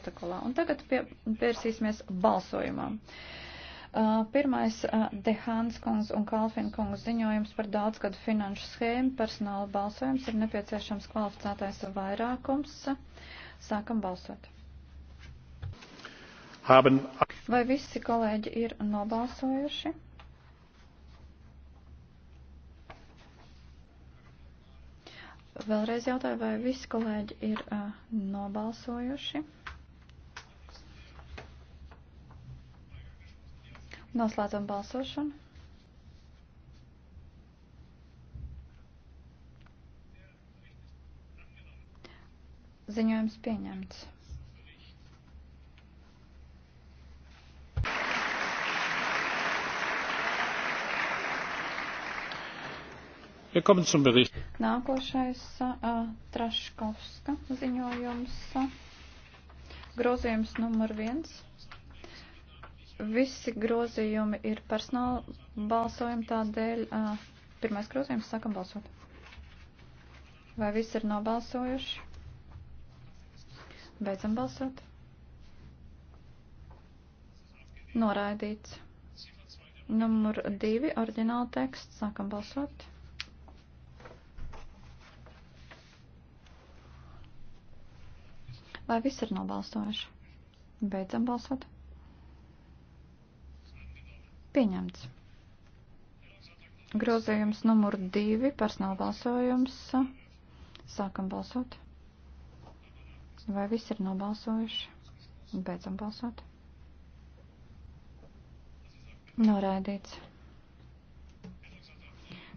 protokolā. Un tagad pie, pievērsīsimies balsojumam. Uh, pirmais uh, Dehāns kungs un Kalfina kungs ziņojums par daudzgadu finanšu schēmu personāla balsojums ir nepieciešams kvalificētais vairākums. Sākam balsot. Haben. Vai visi kolēģi ir nobalsojuši? Vēlreiz jautāju, vai visi kolēģi ir uh, nobalsojuši? Noslēdzam balsošanu. Ziņojums pieņemts. Wir kommen zum Bericht. Nākošais uh, Traškovska ziņojums. Uh, grozījums numur viens. Visi grozījumi ir personāla balsojumi, tādēļ uh, pirmais grozījums sākam balsot. Vai visi ir nobalsojuši? Beidzam balsot. Noraidīts. Numur divi, oriģināla teksts. Sākam balsot. Vai viss ir nobalsojuši? Beidzam balsot. Pieņemts. Grozījums numur divi, personāla balsojums. Sākam balsot. Vai visi ir nobalsojuši? Beidzam balsot. Noraidīts.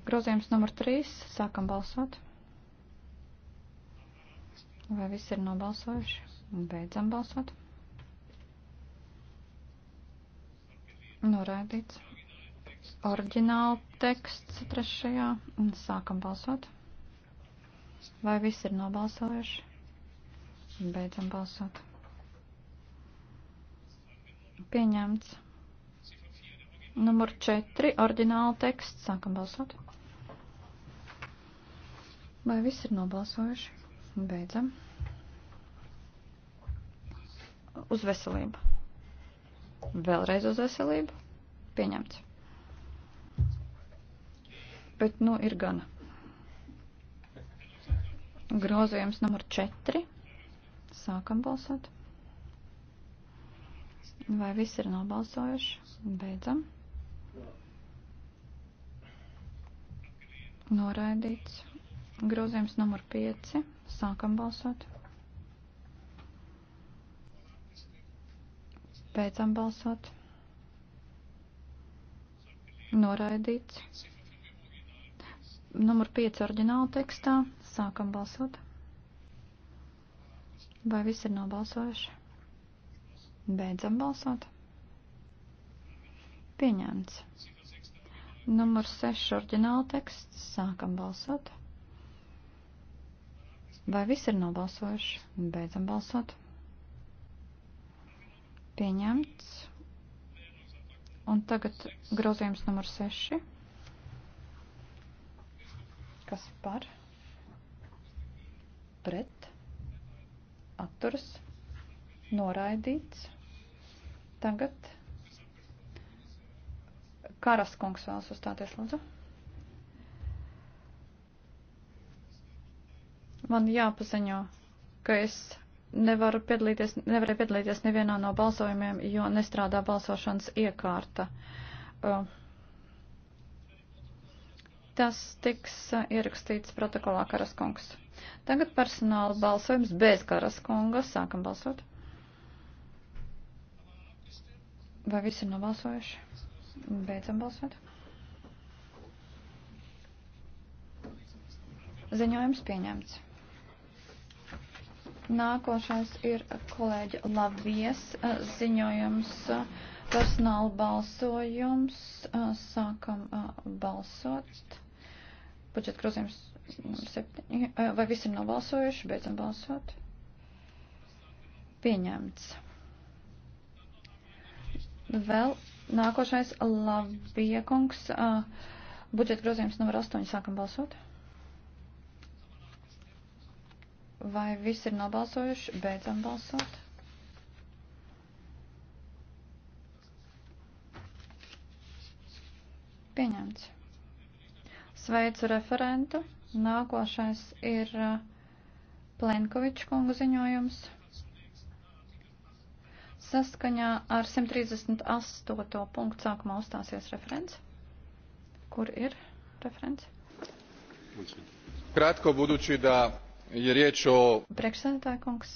Grozījums numur 3. Sākam balsot. Vai visi ir nobalsojuši? Beidzam balsot. Noraidīts. Orģināla teksts trešajā. Sākam balsot. Vai viss ir nobalsojuši? Beidzam balsot. Pieņemts. Numur 4. Orģināla teksts. Sākam balsot. Vai viss ir nobalsojuši? Beidzam. Uz veselību. Vēlreiz uz veselību. Pieņemts. Bet, nu, ir gana. Grozījums numur 4. Sākam balsot. Vai viss ir nobalsojuši? Beidzam. Noraidīts. Grozījums numur 5. Sākam balsot. Beidzam balsot. Noraidīts. Numur 5 oriģināla tekstā. Sākam balsot. Vai viss ir nobalsojuši? Beidzam balsot. Pieņemts. Numur 6 oriģināla teksts. Sākam balsot. Vai viss ir nobalsojuši? Beidzam balsot. Pieņemts. Un tagad grozījums numur 6. Kas par? Pret. Atturs. Noraidīts. Tagad. Karas kungs vēlas uzstāties, lūdzu. Man jāpaziņo, ka es nevaru piedalīties, nevarēju piedalīties nevienā no balsojumiem, jo nestrādā balsošanas iekārta. Uh, tas tiks uh, ierakstīts protokolā Karaskungs. Tagad personāla balsojums bez Karaskunga. Sākam balsot. Vai visi ir nobalsojuši? Beidzam balsot. Ziņojums pieņemts. Nākošais ir kolēģa Lavies eh, ziņojums eh, personāla balsojums. Eh, sākam balsot. Budžeta grozījums septiņi. Vai visi ir nobalsojuši? Beidzam balsot. Pieņemts. Vēl nākošais Laviekungs. Budžeta grozījums numur 8. Sākam balsot. Vai viss ir nobalsojuši? Beidzam balsot. Pieņemts. Sveicu referentu. Nākošais ir uh, Plenkoviča kunga ziņojums. Saskaņā ar 138. punktu sākumā uzstāsies referents. Kur ir referents? Kratko, budući da ja riječ o... Priekšsēdētāja kungs,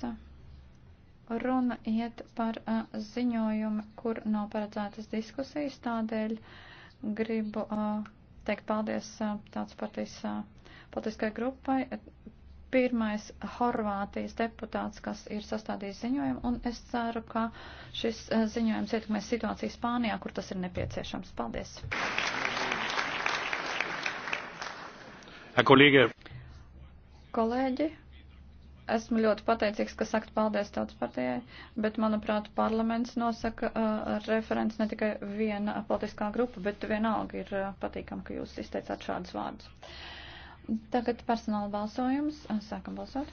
runa iet par uh, ziņojumu, kur nav paredzētas diskusijas, tādēļ gribu uh, teikt paldies uh, tāds partijas uh, politiskai grupai. Pirmais Horvātijas deputāts, kas ir sastādījis ziņojumu, un es ceru, ka šis uh, ziņojums ietekmēs situāciju Spānijā, kur tas ir nepieciešams. Paldies! Herr Kollege, kolēģi. Esmu ļoti pateicīgs, ka sakt paldies tautas partijai, bet, manuprāt, parlaments nosaka uh, referents ne tikai viena politiskā grupa, bet vienalga ir uh, patīkam, ka jūs izteicāt šādus vārdus. Tagad personāla balsojums. Sākam balsot.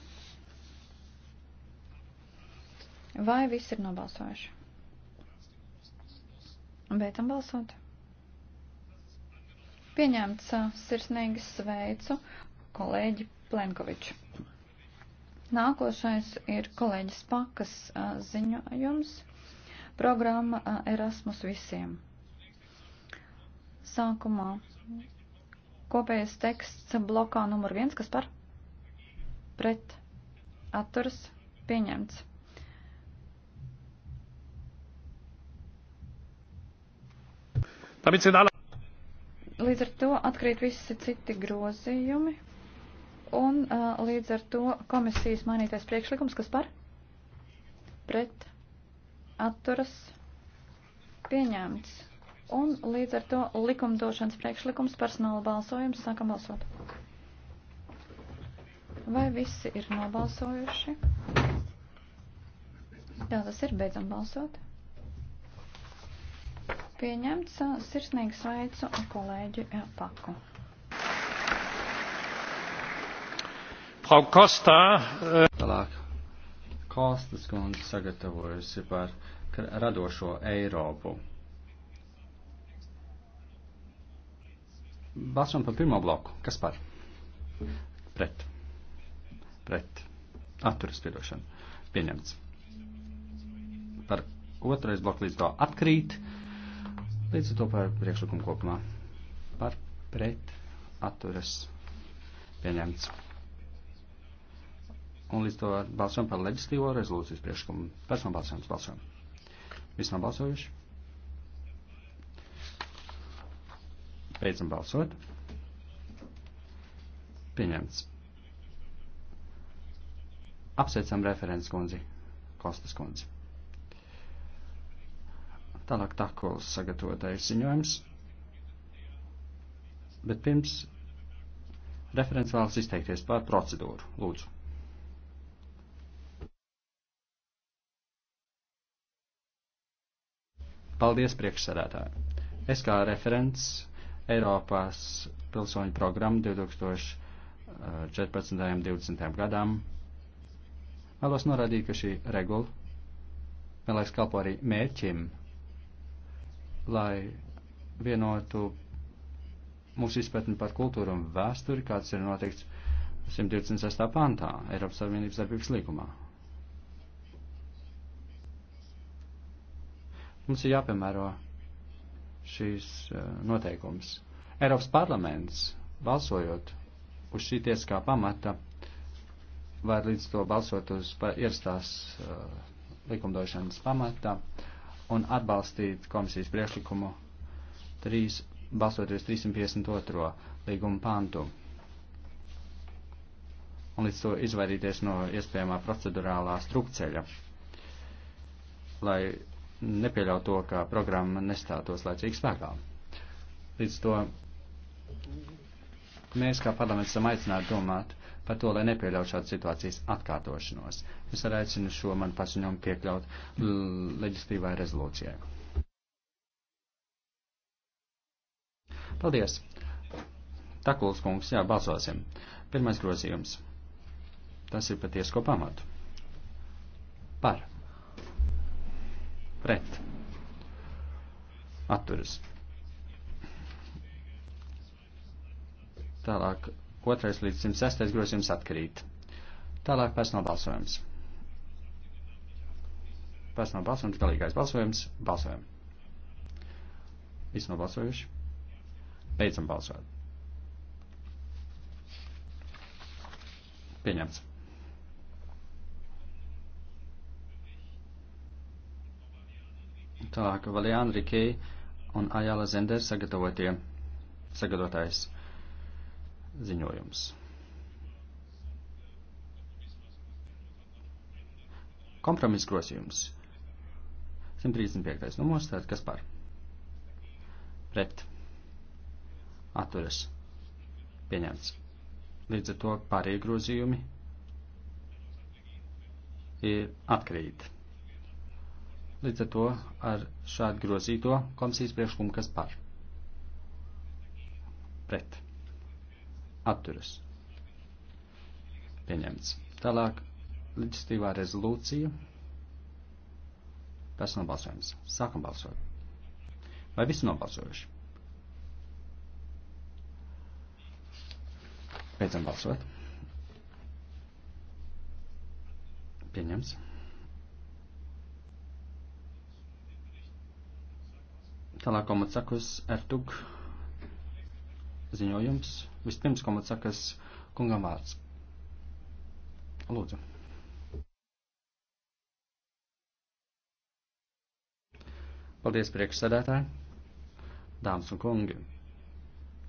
Vai viss ir nobalsojuši? Beidzam balsot. Pieņemts sirsnīgi sveicu kolēģi Plenkovičs. Nākošais ir kolēģis Pakas ziņojums. Programma Erasmus visiem. Sākumā kopējais teksts blokā numur viens, kas par pret atturas pieņemts. Līdz ar to atkrīt visi citi grozījumi un uh, līdz ar to komisijas mainītais priekšlikums, kas par? Pret. Atturas. Pieņemts. Un līdz ar to likumdošanas priekšlikums personāla balsojums sākam balsot. Vai visi ir nobalsojuši? Jā, tas ir beidzam balsot. Pieņemts sirsnīgi sveicu kolēģi uh, Paku. Frau Costa. Eh, Tālāk. Kostas kundze sagatavojusi par radošo Eiropu. Balsam par pirmo bloku. Kas par? Pret. Pret. Atturas piedošana. Pieņemts. Par otrais bloku līdz to atkrīt. Līdz to par priekšlikumu kopumā. Par pret. Atturas. Pieņemts. Un līdz to balsojam par leģistīvo rezolūcijas priekšlikumu. Personu balsojums balsojam. Visi nav balsojuši. Beidzam balsot. Pieņemts. Apsveicam referents kundzi, Kostas kundzi. Tālāk Takols sagatavotais ziņojums. Bet pirms referents vēlas izteikties par procedūru. Lūdzu. Paldies, priekšsēdētāji! Es kā referents Eiropas pilsoņu programmu 2014. un 2020. gadam vēlos norādīt, ka šī regula vēlēs kalpo arī mērķim, lai vienotu mūsu izpratni par kultūru un vēsturi, kāds ir noteikts 126. pantā Eiropas Savienības darbības līgumā. Mums ir jāpiemēro šīs eh, noteikums. Eiropas parlaments, balsojot uz šī tieskā pamata, var līdz to balsot uz ierastās uh, likumdošanas pamata un atbalstīt komisijas priekšlikumu 3, balsoties 352. līguma pantu. Un līdz to izvairīties no iespējamā procedurālā strupceļa, lai nepieļaut to, ka programma nestātos laicīgi spēkā. Līdz to mēs kā parlaments esam aicināti domāt par to, lai nepieļaut šādas situācijas atkārtošanos. Es arī aicinu šo man paziņojumu piekļaut leģistīvai rezolūcijai. Paldies! Takuls kungs, jā, balsosim. Pirmais grozījums. Tas ir patiesi ko pamatu. Par pret atturas. Tālāk otrais līdz 106. grozījums atkarīt. Tālāk personāla balsojums. Personāla balsojums, galīgais balsojums, balsojam. Visi nobalsojuši. Beidzam balsot. Pieņemts. Tālāk Valjāna Rikī un Ajala Zender sagatavotie, sagatavotais ziņojums. Kompromiss grozījums. 135. numurs, tātad kas par? Pret. Atturas. Pieņemts. Līdz ar to pārējie grozījumi ir atkrīt. Līdz ar to ar šādu grozīto komisijas priekšlikumu, kas par pret atturas pieņemts. Tālāk leģistīvā rezolūcija personāla balsojums. Sākam balsot. Vai visi nobalsojuši? Beidzam balsot. Pieņems. Tālāk komatsakas Ertug ziņojums. Vispirms komatsakas kungam vārds. Lūdzu. Paldies priekšsēdētāji, dāmas un kungi.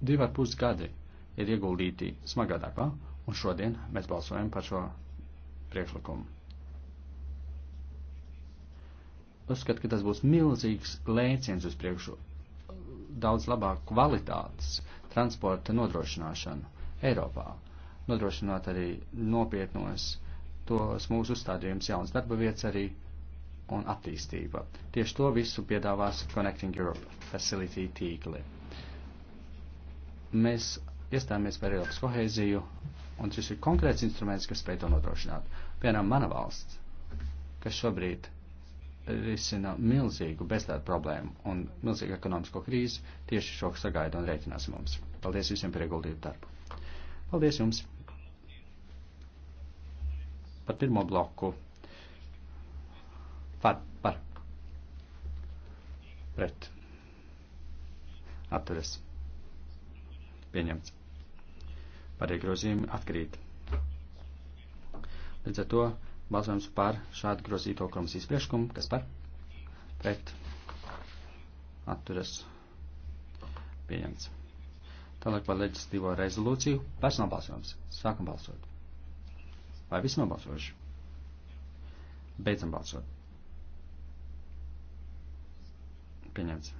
Divi ar pus gadi ir ieguldīti smagā darbā, un šodien mēs balsojam par šo priekšlikumu. uzskatu, ka tas būs milzīgs lēciens uz priekšu, daudz labāk kvalitātes transporta nodrošināšanu Eiropā, nodrošināt arī nopietnos tos mūsu uzstādījums jauns darba vietas arī un attīstība. Tieši to visu piedāvās Connecting Europe Facility tīkli. Mēs iestājāmies par Eiropas kohēziju, un šis ir konkrēts instruments, kas spēj to nodrošināt. Piemēram, mana valsts, kas šobrīd risina milzīgu bezdarba problēmu un milzīgu ekonomisko krīzi. Tieši šo sagaida un reiķinās mums. Paldies visiem par ieguldītu darbu. Paldies jums par pirmo bloku. Par, par. Pret. Atturies. Pieņemts. Par iegrozījumu atkrīt. Līdz ar to Balsojums par šādu grozīto komisijas priekšlikumu. Kas par? Pret. Atturas. Pieņemts. Tālāk par leģislatīvo rezolūciju. Personāla balsojums. Sākam balsot. Vai visi nobalsojuši? Beidzam balsot. Pieņemts.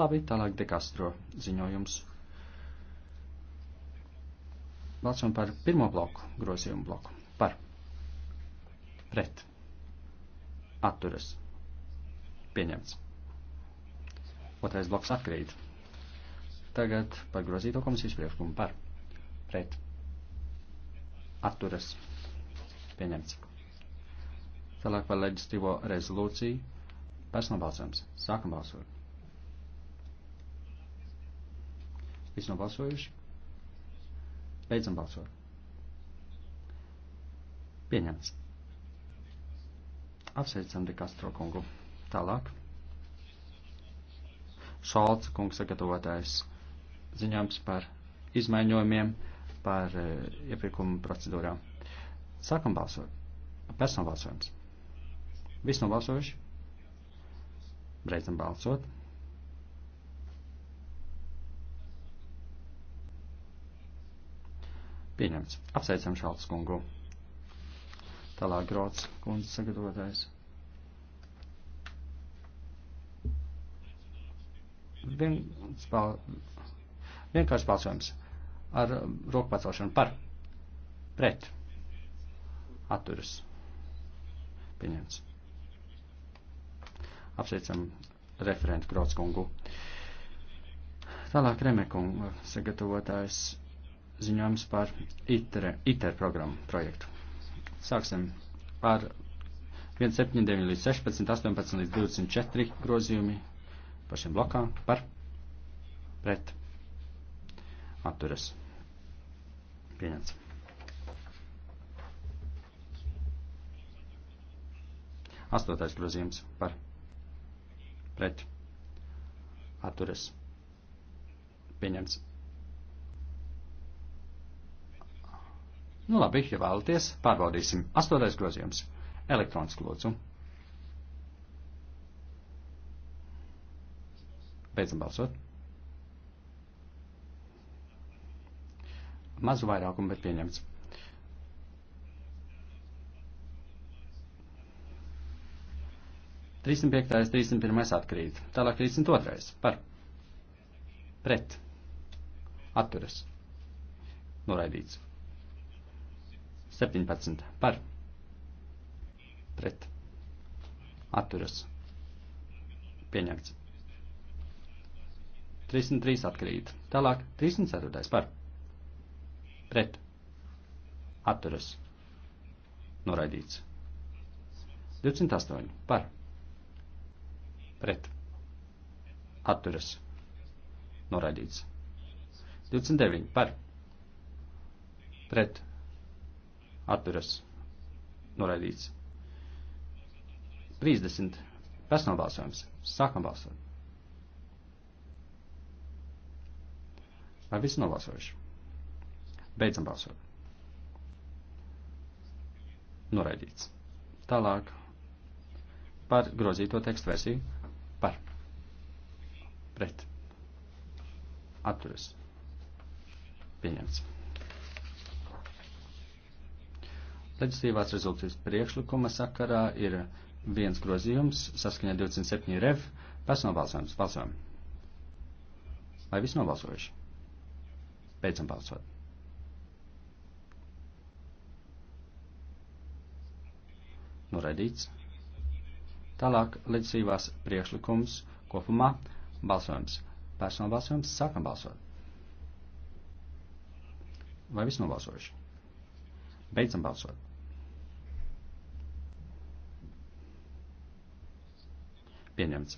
Labi, tālāk dekastro ziņojums balsojam par pirmo bloku, grozījumu bloku. Par. Pret. Atturas. Pieņemts. Otrais bloks atkrīt. Tagad par grozīto komisijas priekšlikumu par. Pret. Atturas. Pieņemts. Tālāk par leģislatīvo rezolūciju. Personāla balsojums. Sākam balsot. Visi nobalsojuši. Beidzam balsot. Pieņemts. Apsveicam Dekastro kungu. Tālāk. Šalca kungs sagatavotais ziņojums par izmaiņojumiem, par e, iepirkuma procedūrām. Sākam balsot. Pēc tam balsojums. Viss nobalsojuši. Beidzam balsot. Pieņemts. Apsveicam Šalts kungu. Tālāk Grots kundzes sagatavotājs. Vien, spāl, vienkārši balsojums ar roku pacelšanu par, pret, atturas. Pieņemts. Apsveicam referentu Grots kungu. Tālāk Remekunga sagatavotājs ziņojums par ITER, ITER programmu projektu. Sāksim ar 179 līdz 16, 18 līdz 24 grozījumi pašiem blokā par pret atturas. Pieņemts. Astotais grozījums par pret atturas. Pieņemts. Nu labi, ja vēlaties, pārbaudīsim. Astotais grozījums. Elektroniski lūdzu. Beidzam balsot. Mazu vairākumu, bet pieņemts. Trīsdesmit piektais, trīsdesmit pirmais atkrīt. Tālāk trīsdesmit otrais. Par. Pret. Atturas. Noraidīts. 17 par pret atturas pieņemts. 303 atkrīt. Tālāk 304 par pret atturas noraidīts. 208 par pret atturas noraidīts. 29 par pret atturas atturas noraidīts. 30. Personālbalsojums. Sākam balsot. Vai visi nobalsojuši? Beidzam balsot. Noraidīts. Tālāk par grozīto tekstu versiju. Par. Pret. Atturas. Pieņemts. Leģislatīvās rezultātas priekšlikuma sakarā ir viens grozījums saskaņā 27 rev. Personāla balsojums. Balsojam. Vai viss nobalsojuši? Beidzam balsot. Noraidīts. Tālāk leģislatīvās priekšlikums kopumā balsojums. Personāla balsojums. Sākam balsot. Vai viss nobalsojuši? Beidzam balsot. Pieņemts.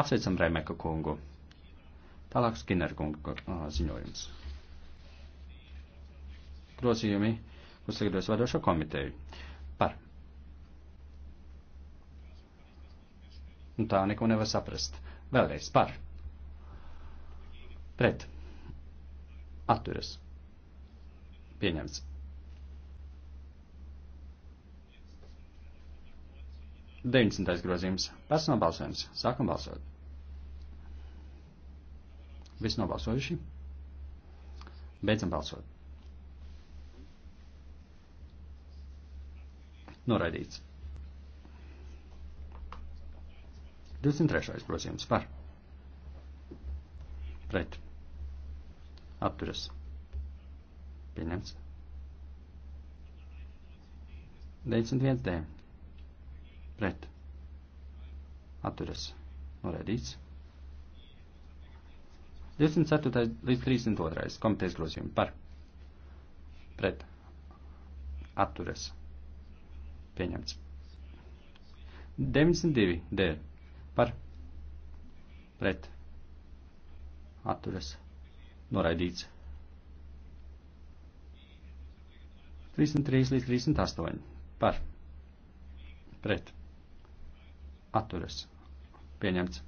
Apsveicam Remeka kungu. Tālāk Skinner kunga ziņojums. Grozījumi uzsagatavos vadošo komiteju par. Un nu, tā neko nevar saprast. Vēlreiz par. Pret. Atturas. Pieņemts. 90. grozījums. Pēc nobalsojums. Sākam balsot. Viss nobalsojuši. Beidzam balsot. Noraidīts. 23. grozījums par. Pret. Atturas. Pieņemts. 91. D pret atturas norēdīts. 24. līdz 32. komitejas grozījumi par pret atturas pieņemts. 92 dēļ par pret atturas noraidīts. 33 līdz 38 par pret atturas pieņemts.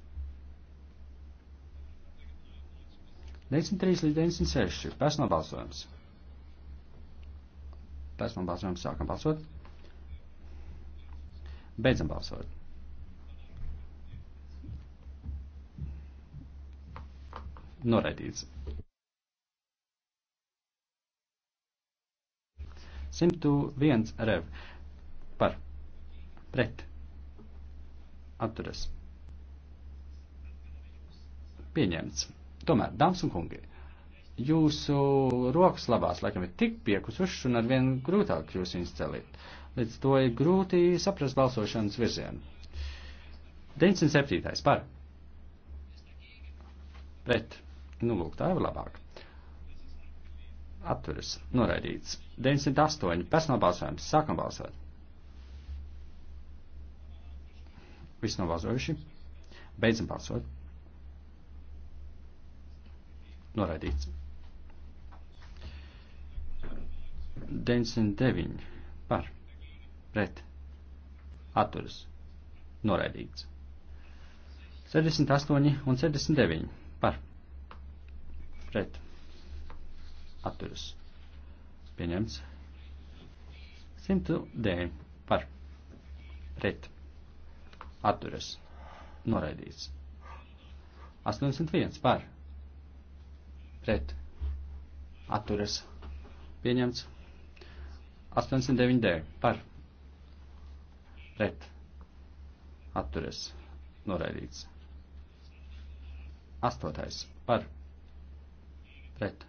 93 līdz 96 personāla balsojums. Personāla balsojums sākam balsot. Beidzam balsot. Noraidīts. 101 rev par pret atturas. Pieņemts. Tomēr, dāmas un kungi, jūsu rokas labās laikam ir tik piekusušas un arvien grūtāk jūs viņus celīt. Līdz to ir grūti saprast balsošanas virzienu. 907. par. Pret. Nu, lūk, tā ir labāk. Atturis. Noraidīts. 908. Pēc nobalsojums. Sākam balsot. Visi nobalsojuši. Beidzam balsot. Noraidīts. 99 par pret atturas noraidīts. 78 un 79 par pret atturas pieņemts. 109 par pret atturas noraidīts. 81 par pret atturas pieņemts. 89 d par pret atturas noraidīts. 8 par pret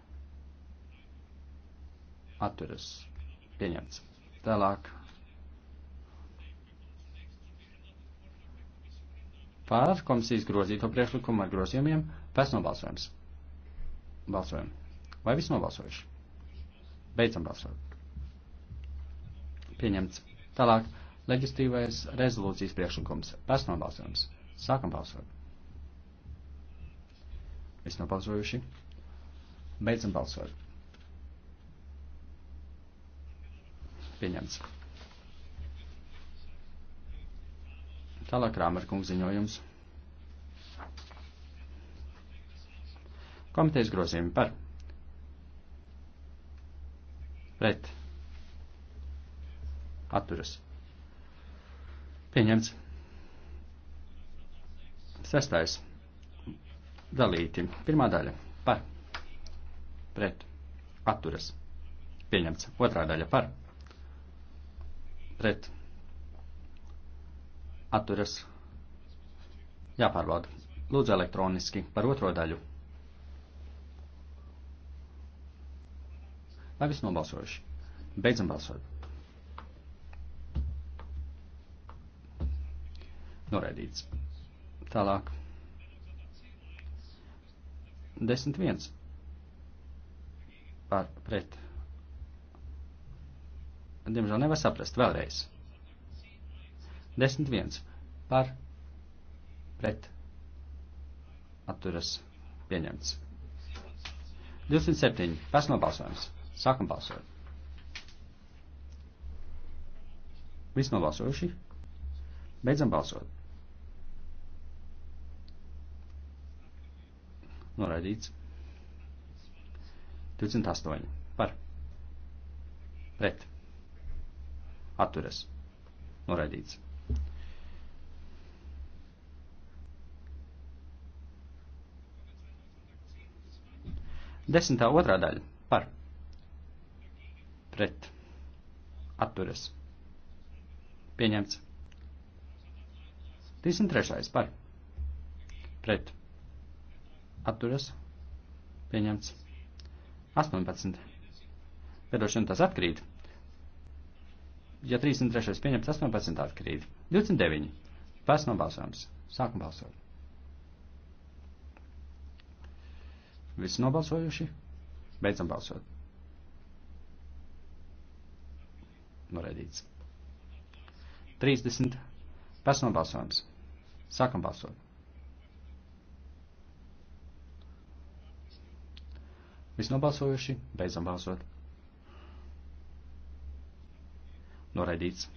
atturas pieņemts. Tālāk pār komisijas grozīto priekšlikumu ar grozījumiem pēc nobalsojums. Balsojam. Vai viss nobalsojuši? Beidzam balsot. Pieņemts. Tālāk. Leģistīvais rezolūcijas priekšlikums. Pēc nobalsojums. Sākam balsot. Viss nobalsojuši. Beidzam balsot. Pieņemts. Tālāk Rāmerkungs ziņojums. Komitejas grozījumi par. Pret. Atturas. Pieņemts. Sestais. Dalīti. Pirmā daļa. Par. Pret. Atturas. Pieņemts. Otrā daļa. Par. Pret atturas jāpārbauda. Lūdzu elektroniski par otro daļu. Vai viss nobalsojuši? Beidzam balsot. Noraidīts. Tālāk. 10.1. Par pret. Diemžēl nevar saprast vēlreiz. 10.1 Desmit viens par pret atturas pieņemts. 27. Personālbalsojums. Sākam balsot. Viss nobalsojuši. Beidzam balsot. Noraidīts. 28. Par. Pret. Atturas. Noraidīts. Desmitā otrā daļa par pret atturas pieņemts. 33. par pret atturas pieņemts. 18. Piedošana tas atkrīt. Ja 33. pieņemts, 18. atkrīt. 29. Pēc nobalsojums. Sākam balsot. Visi nobalsojuši? Beidzam balsot. Noraidīts. 30. Personāla balsojums. Sākam balsot. Visi nobalsojuši? Beidzam balsot. Noraidīts.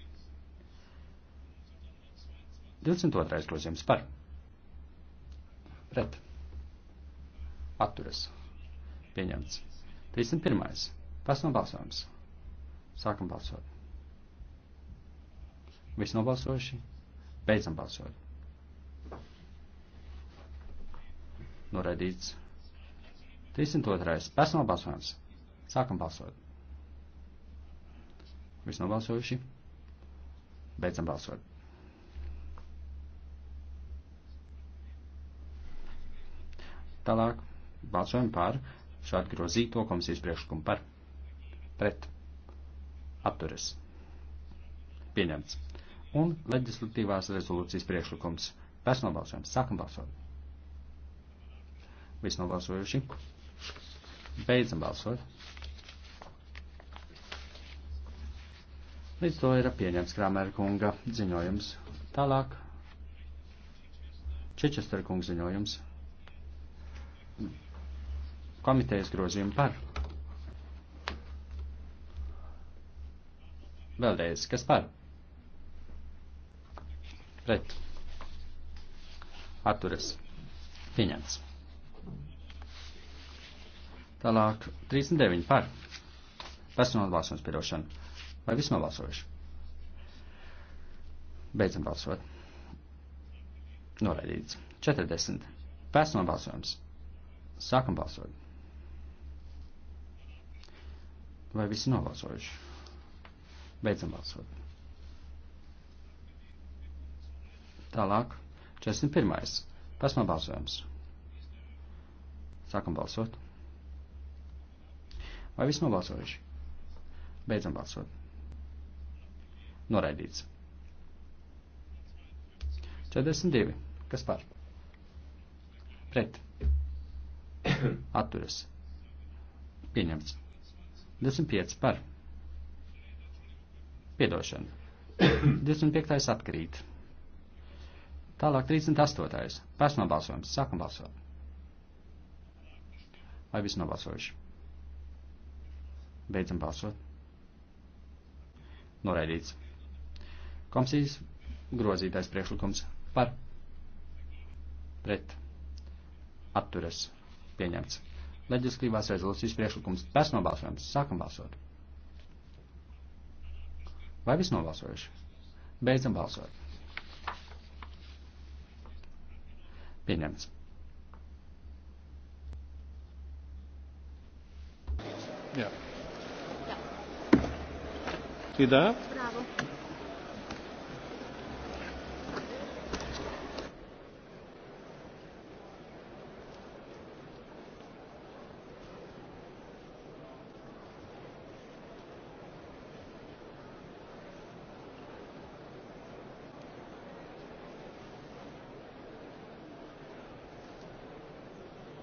22. grozījums par. Pret. Atturas. Pieņemts. 31. Pēc nobalsojums. Sākam balsot. Viss nobalsojuši. Beidzam balsot. Noraidīts. 302. Pēc nobalsojums. Sākam balsot. Viss nobalsojuši. Beidzam balsot. Tālāk. Balsojam par šādu grozīto komisijas priekšlikumu par. Pret. Atturas. Pieņemts. Un leģislatīvās rezolūcijas priekšlikums. Personāla balsojums. Sākam balsot. Viss nobalsojuši. Beidzam balsot. Līdz to ir pieņemts Krāmēra kunga ziņojums. Tālāk. Čečester kunga ziņojums komitejas grozījumu par. Vēlreiz, kas par? Pret. Atturas. Pieņemts. Tālāk, 39 par. Personāla balsojums piedošana. Vai viss nav balsojuši? Beidzam balsot. Noraidīts. 40. Personāla balsojums. Sākam balsot. Vai visi nobalsojuši? Beidzam balsot. Tālāk. 41. Pēc nobalsojums. Sākam balsot. Vai viss nobalsojuši? Beidzam balsot. Noraidīts. 42. Kas par? Pret. Atturas. Pieņemts. 25 par. Piedošana. 25. atkrīt. Tālāk 38. Personāla balsojums. Sākam balsot. Vai visi nobalsojuši? Beidzam balsot. Noraidīts. Komisijas grozītais priekšlikums par pret atturas pieņemts leģiskrībās rezolūcijas priekšlikums. Pēc nobalsojums. Sākam balsot. Vai viss nobalsojuši? Beidzam balsot. Pieņemts. Jā. Jā. Idā? Bravo.